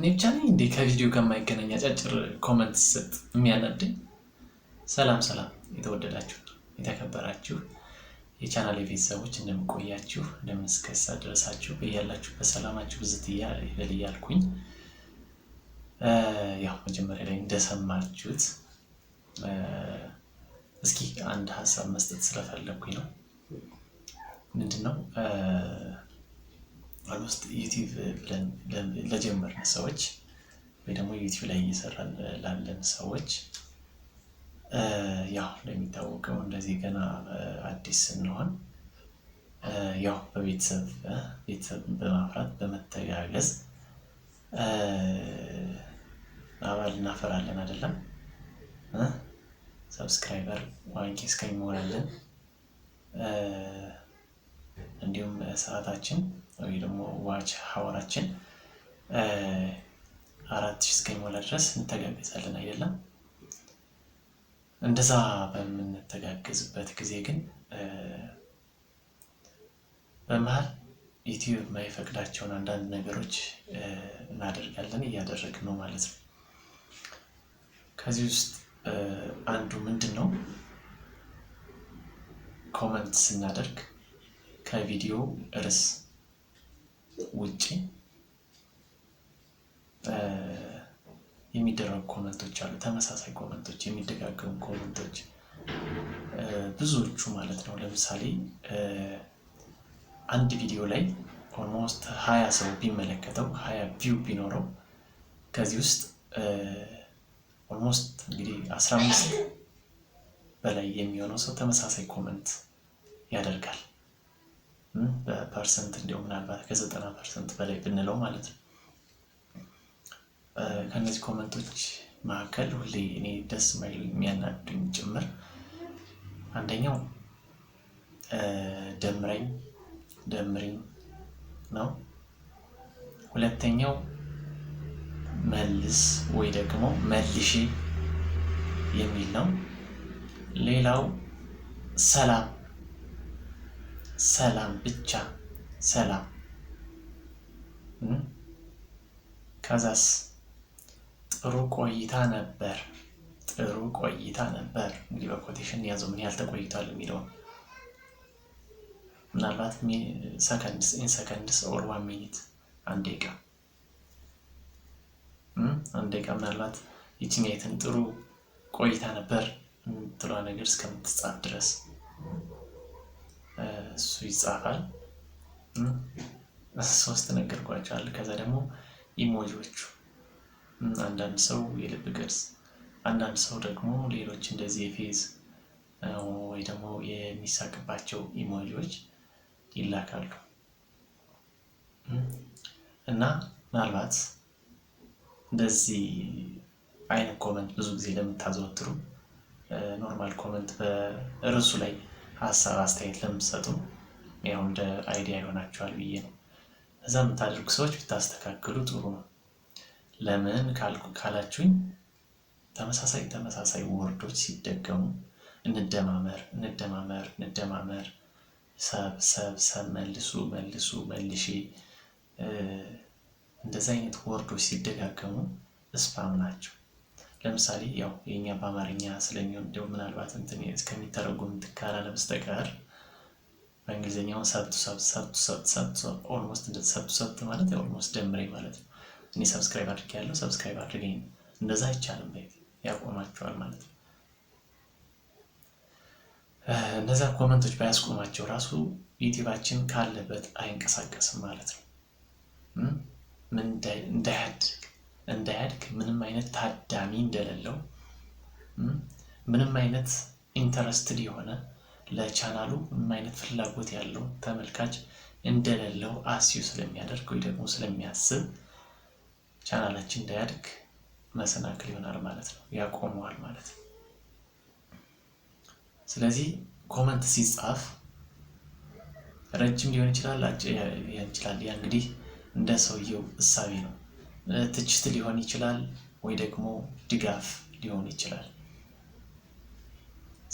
እኔ ብቻ ነኝ እንዴ ከቪዲዮ ጋር የማይገናኝ አጫጭር ኮመንት ስጥ የሚያናደኝ? ሰላም ሰላም፣ የተወደዳችሁ የተከበራችሁ የቻናል ቤተሰቦች እንደምቆያችሁ እንደምንስከሳ ድረሳችሁ በያላችሁበት በሰላማችሁ ብዝት ይበል እያልኩኝ ያው መጀመሪያ ላይ እንደሰማችሁት እስኪ አንድ ሀሳብ መስጠት ስለፈለግኩኝ ነው። ምንድን ነው ኦልሞስት ዩቲዩብ ለጀመርን ሰዎች ወይ ደግሞ ዩቲዩብ ላይ እየሰራን ላለን ሰዎች ያው እንደሚታወቀው እንደዚህ ገና አዲስ ስንሆን ያው በቤተሰብ ቤተሰብን በማፍራት በመተጋገዝ አባል እናፈራለን አይደለም። ሰብስክራይበር ዋንኪ እስከሚሞላለን እንዲሁም ሰዓታችን ወይ ደግሞ ዋች ሀወራችን አራት ሺህ እስከሚሞላ ድረስ እንተጋገዛለን አይደለም። እንደዛ በምንተጋገዝበት ጊዜ ግን በመሀል ዩትዩብ የማይፈቅዳቸውን አንዳንድ ነገሮች እናደርጋለን እያደረግን ነው ማለት ነው። ከዚህ ውስጥ አንዱ ምንድን ነው ኮመንት ስናደርግ ከቪዲዮ ርዕስ ውጪ የሚደረጉ ኮመንቶች አሉ። ተመሳሳይ ኮመንቶች፣ የሚደጋገሙ ኮመንቶች ብዙዎቹ ማለት ነው። ለምሳሌ አንድ ቪዲዮ ላይ ኦልሞስት ሀያ ሰው ቢመለከተው ሀያ ቪው ቢኖረው ከዚህ ውስጥ ኦልሞስት እንግዲህ አስራ አምስት በላይ የሚሆነው ሰው ተመሳሳይ ኮመንት ያደርጋል። በፐርሰንት እንዲሁም ምናልባት ከዘጠና ፐርሰንት በላይ ብንለው ማለት ነው። ከእነዚህ ኮመንቶች መካከል ሁሌ እኔ ደስ ማይሉ የሚያናዱኝ ጭምር አንደኛው ደምረኝ ደምሪኝ ነው። ሁለተኛው መልስ ወይ ደግሞ መልሼ የሚል ነው። ሌላው ሰላም ሰላም ብቻ ሰላም። ከዛስ ጥሩ ቆይታ ነበር። ጥሩ ቆይታ ነበር። እንግዲህ በኮቴሽን ያዘው ምን ያህል ተቆይቷል የሚለው ምናልባት ሰከንድስ ኢን ሰከንድስ ኦር ዋን ሚኒት አንድ ደቂቃ አንድ ደቂቃ ምናልባት ይችኛይትን ጥሩ ቆይታ ነበር የምትለዋ ነገር እስከምትጻፍ ድረስ እሱ ይጻፋል። ሶስት ነገርኳቸዋል። ከዛ ደግሞ ኢሞጂዎቹ አንዳንድ ሰው የልብ ቅርጽ፣ አንዳንድ ሰው ደግሞ ሌሎች እንደዚህ የፌዝ ወይ ደግሞ የሚሳቅባቸው ኢሞጂዎች ይላካሉ እና ምናልባት እንደዚህ አይነት ኮመንት ብዙ ጊዜ ለምታዘወትሩ ኖርማል ኮመንት በርዕሱ ላይ ሀሳብ አስተያየት ለምትሰጡ ያው እንደ አይዲያ ይሆናችኋል ብዬ ነው። እዛ የምታደርጉ ሰዎች ብታስተካክሉ ጥሩ ነው። ለምን ካላችሁኝ ተመሳሳይ ተመሳሳይ ወርዶች ሲደገሙ እንደማመር እንደማመር እንደማመር ሰብ ሰብ ሰብ መልሱ መልሱ መልሺ እንደዚህ አይነት ወርዶች ሲደጋገሙ ስፓም ናቸው። ለምሳሌ ያው የኛ በአማርኛ ስለሚሆን እንደው ምናልባት እንትን እስከሚተረጉም ትካላለ በስተቀር በእንግሊዝኛው ሰብቱ ሰብቱ ሰብቱ ኦልሞስት እንደ ሰብቱ ማለት ኦልሞስት ደምሬ ማለት ነው። እኔ ሰብስክራይብ አድርጌ ያለው ሰብስክራይብ አድርገኝ ነው። እንደዛ አይቻልም። በት ያቆማቸዋል ማለት ነው። እነዚያ ኮመንቶች ባያስቆማቸው ራሱ ዩቲባችን ካለበት አይንቀሳቀስም ማለት ነው። ምን እንዳያድግ ምንም አይነት ታዳሚ እንደሌለው ምንም አይነት ኢንተረስትድ የሆነ ለቻናሉ ምንም አይነት ፍላጎት ያለው ተመልካች እንደሌለው አስዩ ስለሚያደርግ ወይ ደግሞ ስለሚያስብ ቻናላችን እንዳያድግ መሰናክል ይሆናል ማለት ነው፣ ያቆመዋል ማለት ነው። ስለዚህ ኮመንት ሲጻፍ ረጅም ሊሆን ይችላል፣ ይችላል ያ እንግዲህ እንደ ሰውየው እሳቤ ነው። ትችት ሊሆን ይችላል ወይ ደግሞ ድጋፍ ሊሆን ይችላል።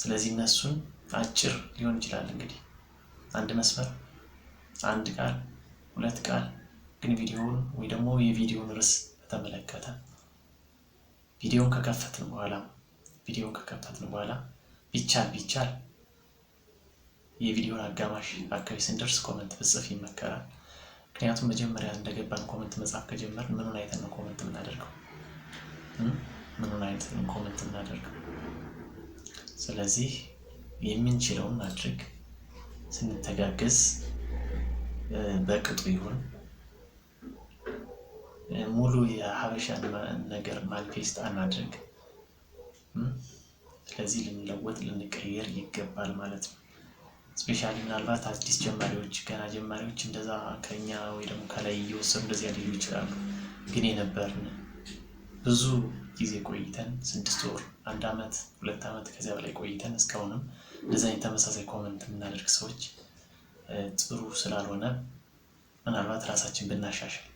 ስለዚህ እነሱን አጭር ሊሆን ይችላል እንግዲህ አንድ መስመር፣ አንድ ቃል፣ ሁለት ቃል ግን ቪዲዮውን ወይ ደግሞ የቪዲዮውን ርዕስ በተመለከተ ቪዲዮውን ከከፈትን በኋላ ቪዲዮውን ከከፈትን በኋላ ቢቻል ቢቻል የቪዲዮን አጋማሽ አካባቢ ስንደርስ ኮመንት ብጽፍ ይመከራል። ምክንያቱም መጀመሪያ እንደገባን ኮመንት መጻፍ ከጀመር ምኑን አይተን ነው ኮመንት የምናደርገው? ምኑን አይተን ኮመንት የምናደርገው? ስለዚህ የምንችለውን ማድረግ ስንተጋገዝ በቅጡ ይሁን። ሙሉ የሀበሻን ነገር ማኒፌስት አናድርግ። ስለዚህ ልንለወጥ ልንቀየር ይገባል ማለት ነው። ስፔሻሊ ምናልባት አዲስ ጀማሪዎች ገና ጀማሪዎች እንደዛ ከኛ ወይ ደግሞ ከላይ እየወሰኑ እንደዚያ ሊሉ ይችላሉ። ግን የነበርን ብዙ ጊዜ ቆይተን ስድስት ወር፣ አንድ ዓመት፣ ሁለት ዓመት ከዚያ በላይ ቆይተን እስካሁንም እንደዚ አይነት ተመሳሳይ ኮመንት የምናደርግ ሰዎች ጥሩ ስላልሆነ ምናልባት ራሳችን ብናሻሽል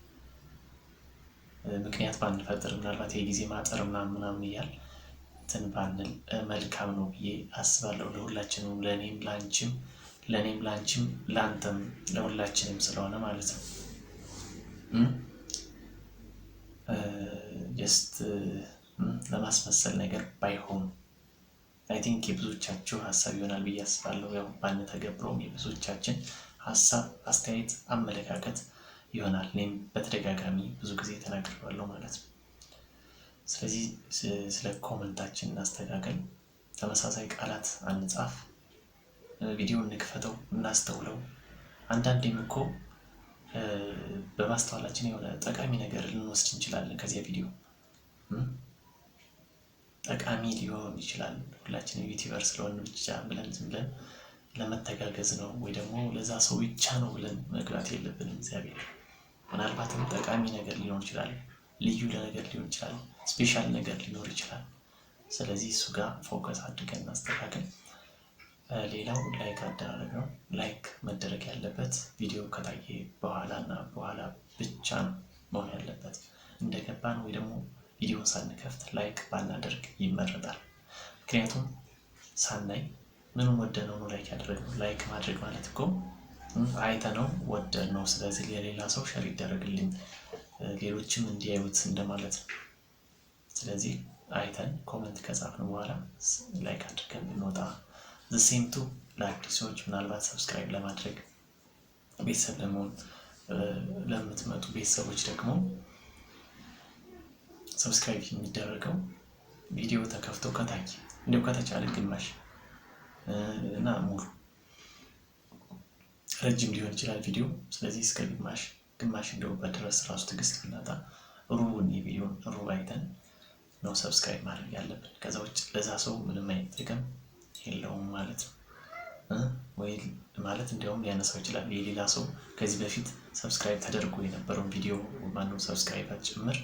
ምክንያት ባንፈጥር ምናልባት የጊዜ ማጠር ምናምን ምናምን እያል እንትን ባንል መልካም ነው ብዬ አስባለሁ። ለሁላችንም፣ ለእኔም፣ ለአንቺም፣ ለእኔም፣ ለአንቺም፣ ለአንተም፣ ለሁላችንም ስለሆነ ማለት ነው። ጀስት ለማስመሰል ነገር ባይሆኑ አይ ቲንክ የብዙዎቻችሁ ሀሳብ ይሆናል ብዬ አስባለሁ። ያው ባን ተገብረውም የብዙዎቻችን ሀሳብ፣ አስተያየት፣ አመለካከት ይሆናል። እኔም በተደጋጋሚ ብዙ ጊዜ ተናግሬዋለሁ ማለት ነው። ስለዚህ ስለ ኮመንታችን እናስተካከል፣ ተመሳሳይ ቃላት አንጻፍ፣ ቪዲዮ እንክፈተው፣ እናስተውለው። አንዳንዴም እኮ በማስተዋላችን የሆነ ጠቃሚ ነገር ልንወስድ እንችላለን። ከዚያ ቪዲዮ ጠቃሚ ሊሆን ይችላል። ሁላችንም ዩቲዩበር ስለሆን ብቻ ብለን ዝም ብለን ለመተጋገዝ ነው ወይ ደግሞ ለዛ ሰው ብቻ ነው ብለን መግባት የለብንም። እግዚአብሔር ምናልባትም ጠቃሚ ነገር ሊሆን ይችላል። ልዩ ነገር ሊሆን ይችላል፣ ስፔሻል ነገር ሊኖር ይችላል። ስለዚህ እሱ ጋር ፎከስ አድርገን እናስተካክል። ሌላው ላይክ አደራረግ ነው። ላይክ መደረግ ያለበት ቪዲዮ ከታየ በኋላ እና በኋላ ብቻ ነው መሆን ያለበት። እንደገባን ወይ ደግሞ ቪዲዮን ሳንከፍት ላይክ ባናደርግ ይመረጣል። ምክንያቱም ሳናይ ምን ወደ ነው ላይክ ያደረግነው። ላይክ ማድረግ ማለት እኮ ወደ ነው ስለዚህ ለሌላ ሰው ሸር ይደረግልኝ ሌሎችም እንዲያዩት እንደማለት ነው። ስለዚህ አይተን ኮመንት ከጻፍን በኋላ ላይክ አድርገን ብንወጣ ዘሴምቱ ለአዲስ ምናልባት ሰብስክራይብ ለማድረግ ቤተሰብ ለመሆን ለምትመጡ ቤተሰቦች ደግሞ ሰብስክራይብ የሚደረገው ቪዲዮ ተከፍቶ ከታች እንዲሁ ከተቻለ ግማሽ እና ሙሉ ረጅም ሊሆን ይችላል ቪዲዮ። ስለዚህ እስከ ግማሽ ግማሽ እንደው በድረስ ራሱ ትግስት ብናጣ ሩቡን የቪዲዮን ሩብ አይተን ነው ሰብስክራይብ ማድረግ ያለብን። ከዛ ውጭ ለዛ ሰው ምንም አይነት ጥቅም የለውም ማለት ነው ወይ ማለት እንዲያውም ሊያነሳው ይችላል። የሌላ ሰው ከዚህ በፊት ሰብስክራይብ ተደርጎ የነበረውን ቪዲዮ ማነው ሰብስክራይበር ጭምር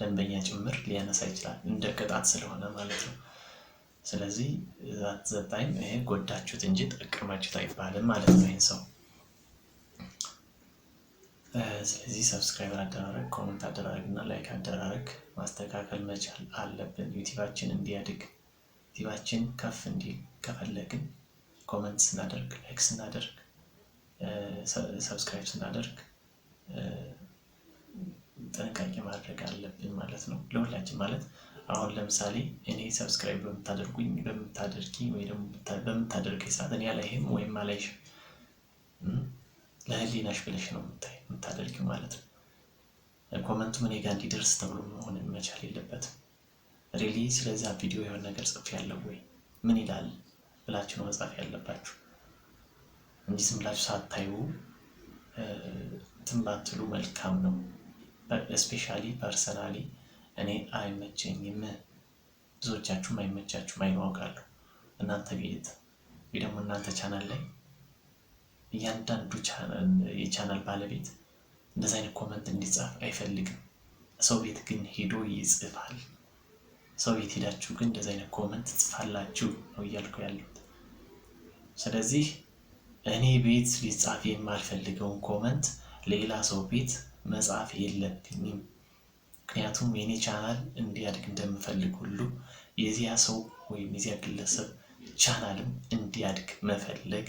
ደንበኛ ጭምር ሊያነሳ ይችላል እንደ ቅጣት ስለሆነ ማለት ነው። ስለዚህ ዛት ዘጣይም ይሄ ጎዳችሁት እንጂ ጠቅማችሁት አይባልም ማለት ነው ይህን ሰው ስለዚህ ሰብስክራይብ አደራረግ፣ ኮመንት አደራረግ እና ላይክ አደራረግ ማስተካከል መቻል አለብን። ዩቲባችን እንዲያድግ ዩቲባችን ከፍ እንዲል ከፈለግን ኮመንት ስናደርግ፣ ላይክ ስናደርግ፣ ሰብስክራይብ ስናደርግ ጥንቃቄ ማድረግ አለብን ማለት ነው። ለሁላችን ማለት አሁን ለምሳሌ እኔ ሰብስክራይብ በምታደርጉኝ በምታደርጊ ወይ ደግሞ በምታደርገኝ ሰዓት እኔ አላይህም ወይም አላይሽም ለህሊናሽ ብለሽ ነው የምታደርጊው ማለት ነው። ኮመንቱ እኔ ጋር እንዲደርስ ተብሎ መሆን መቻል የለበትም። ሬሊ ስለዚያ ቪዲዮ የሆነ ነገር ጽፍ ያለው ወይ ምን ይላል ብላችሁ ነው መጻፍ ያለባችሁ እንጂ ዝም ብላችሁ ሳታዩ እንትን ባትሉ መልካም ነው። እስፔሻሊ ፐርሰናሊ እኔ አይመቸኝም፣ ብዙዎቻችሁም አይመቻችሁም አይነዋውቃሉ እናንተ ቤት ወይ ደግሞ እናንተ ቻናል ላይ እያንዳንዱ የቻናል ባለቤት እንደዚ አይነት ኮመንት እንዲጻፍ አይፈልግም። ሰው ቤት ግን ሄዶ ይጽፋል። ሰው ቤት ሄዳችሁ ግን እንደዚ አይነት ኮመንት ጽፋላችሁ ነው እያልኩ ያለሁት። ስለዚህ እኔ ቤት ሊጻፍ የማልፈልገውን ኮመንት ሌላ ሰው ቤት መጻፍ የለብኝም። ምክንያቱም የኔ ቻናል እንዲያድግ እንደምፈልግ ሁሉ የዚያ ሰው ወይም የዚያ ግለሰብ ቻናልም እንዲያድግ መፈለግ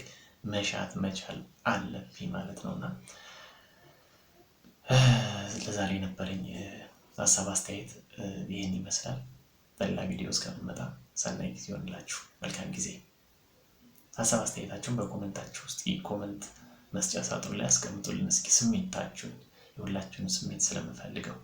መሻት መቻል አለብኝ ማለት ነው እና ለዛሬ የነበረኝ ሀሳብ አስተያየት ይህን ይመስላል። በሌላ ቪዲዮ እስከምመጣ ሰናይ ጊዜ ሆንላችሁ። መልካም ጊዜ። ሀሳብ አስተያየታችሁን በኮመንታችሁ ውስጥ ኮመንት መስጫ ሳጥኑ ላይ አስቀምጡልን። እስኪ ስሜታችሁን የሁላችሁን ስሜት ስለምፈልገው